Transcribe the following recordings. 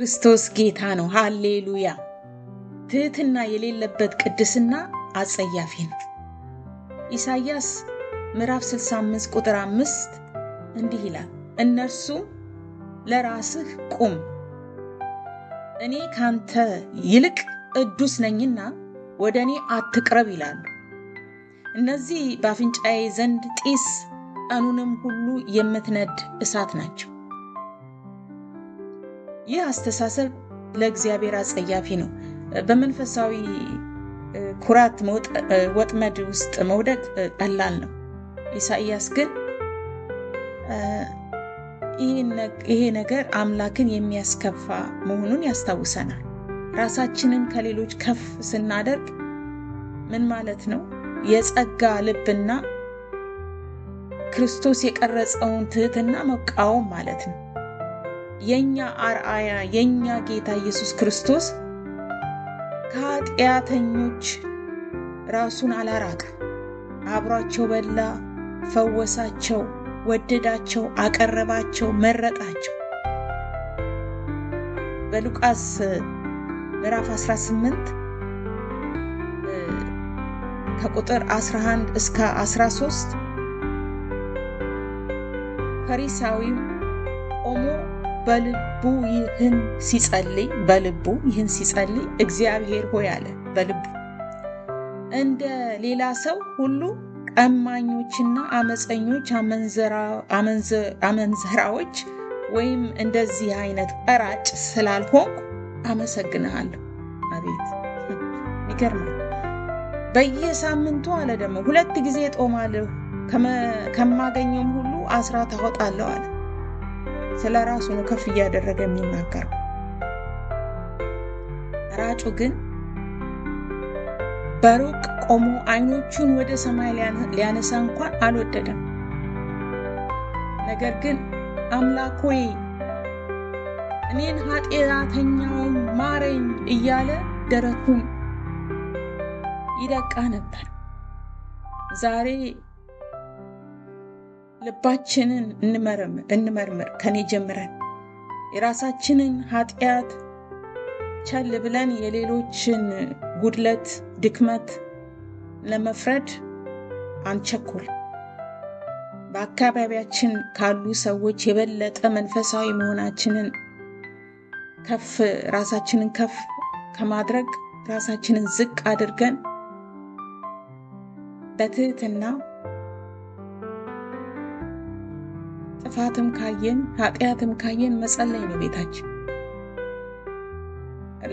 ክርስቶስ ጌታ ነው። ሃሌሉያ! ትህትና የሌለበት ቅድስና አጸያፊ ነው። ኢሳይያስ ምዕራፍ 65 ቁጥር 5 እንዲህ ይላል፣ እነርሱም ለራስህ ቁም እኔ ካንተ ይልቅ ቅዱስ ነኝና ወደ እኔ አትቅረብ ይላሉ። እነዚህ በአፍንጫዬ ዘንድ ጢስ ቀኑንም ሁሉ የምትነድ እሳት ናቸው። ይህ አስተሳሰብ ለእግዚአብሔር አጸያፊ ነው። በመንፈሳዊ ኩራት ወጥመድ ውስጥ መውደቅ ቀላል ነው። ኢሳይያስ ግን ይሄ ነገር አምላክን የሚያስከፋ መሆኑን ያስታውሰናል። ራሳችንን ከሌሎች ከፍ ስናደርግ ምን ማለት ነው? የጸጋ ልብና ክርስቶስ የቀረጸውን ትህትና መቃወም ማለት ነው። የኛ አርአያ የኛ ጌታ ኢየሱስ ክርስቶስ ከኃጢአተኞች ራሱን አላራቀ። አብሯቸው በላ፣ ፈወሳቸው፣ ወደዳቸው፣ አቀረባቸው፣ መረጣቸው። በሉቃስ ምዕራፍ 18 ከቁጥር 11 እስከ 13 ፈሪሳዊም በልቡ ይህን ሲጸልይ በልቡ ይህን ሲጸልይ እግዚአብሔር ሆይ አለ። በልቡ እንደ ሌላ ሰው ሁሉ ቀማኞችና አመፀኞች፣ አመንዘራዎች ወይም እንደዚህ አይነት ቀራጭ ስላልሆንኩ አመሰግንሃለሁ። አቤት ይገርማል። በየሳምንቱ አለ ደግሞ ሁለት ጊዜ ጦማለሁ፣ ከማገኘውም ሁሉ አስራት አወጣለሁ አለ። ስለ ራሱ ነው ከፍ እያደረገ የሚናገረው። ራጩ ግን በሩቅ ቆሞ አይኖቹን ወደ ሰማይ ሊያነሳ እንኳን አልወደደም። ነገር ግን አምላክ ሆይ እኔን ኃጢአተኛውን ማረኝ እያለ ደረቱን ይደቃ ነበር። ዛሬ ልባችንን እንመርምር። ከኔ ጀምረን የራሳችንን ኃጢአት ቸል ብለን የሌሎችን ጉድለት፣ ድክመት ለመፍረድ አንቸኩል። በአካባቢያችን ካሉ ሰዎች የበለጠ መንፈሳዊ መሆናችንን ከፍ ራሳችንን ከፍ ከማድረግ ራሳችንን ዝቅ አድርገን በትህትና ጥፋትም ካየን ኃጢአትም ካየን መጸለይ ነው ቤታችን።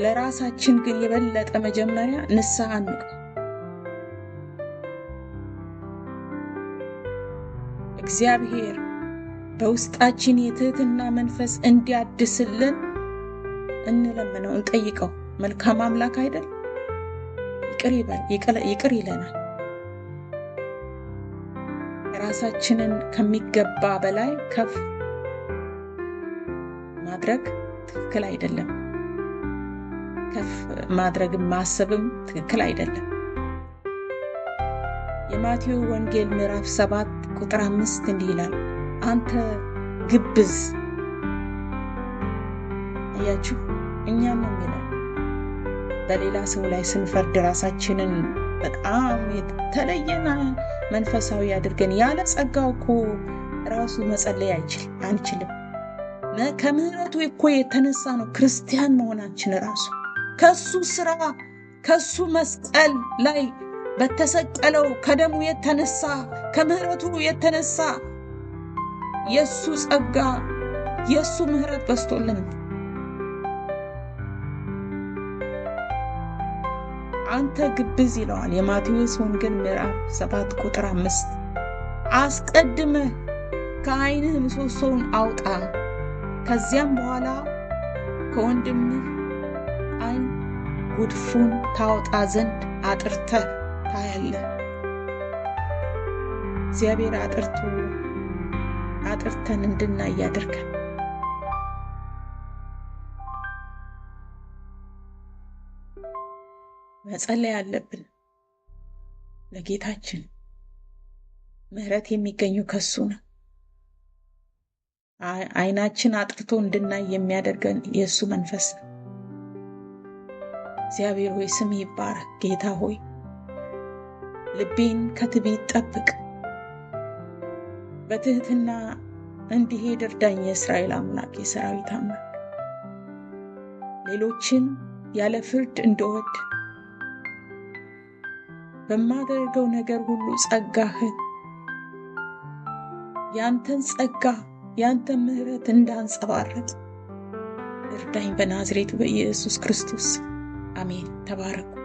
ለራሳችን ግን የበለጠ መጀመሪያ ንስሐ አንቀ እግዚአብሔር በውስጣችን የትህትና መንፈስ እንዲያድስልን እንለምነው፣ እንጠይቀው። መልካም አምላክ አይደል? ይቅር ይበል፣ ይቅር ይለናል። ራሳችንን ከሚገባ በላይ ከፍ ማድረግ ትክክል አይደለም። ከፍ ማድረግም ማሰብም ትክክል አይደለም። የማቴዎ ወንጌል ምዕራፍ ሰባት ቁጥር አምስት እንዲህ ይላል፣ አንተ ግብዝ። እያችሁ እኛም ነው በሌላ ሰው ላይ ስንፈርድ ራሳችንን በጣም የተለየና መንፈሳዊ አድርገን። ያለ ጸጋው እኮ ራሱ መጸለይ አይችል አንችልም። ከምህረቱ እኮ የተነሳ ነው ክርስቲያን መሆናችን ራሱ ከሱ ስራ ከሱ መስቀል ላይ በተሰቀለው ከደሙ የተነሳ ከምህረቱ የተነሳ የእሱ ጸጋ የእሱ ምህረት በስቶልን አንተ ግብዝ ይለዋል። የማቴዎስ ወንጌል ምዕራፍ ሰባት ቁጥር አምስት አስቀድመህ ከዓይንህ ምሰሶውን አውጣ፣ ከዚያም በኋላ ከወንድምህ ዓይን ጉድፉን ታወጣ ዘንድ አጥርተህ ታያለህ። እግዚአብሔር አጥርቶ አጥርተን እንድናይ ያድርገን። መጸለይ አለብን። ለጌታችን ምሕረት የሚገኘው ከሱ ነው። አይናችን አጥርቶ እንድናይ የሚያደርገን የእሱ መንፈስ ነው። እግዚአብሔር ሆይ ስም ይባረክ። ጌታ ሆይ ልቤን ከትዕቢት ጠብቅ፣ በትህትና እንዲሄድ እርዳኝ። የእስራኤል አምላክ የሰራዊት አምላክ ሌሎችን ያለ ፍርድ እንደወድ በማደርገው ነገር ሁሉ ጸጋህን ያንተን ጸጋ ያንተን ምሕረት እንዳንጸባረቅ እርዳኝ። በናዝሬቱ በኢየሱስ ክርስቶስ አሜን። ተባረኩ።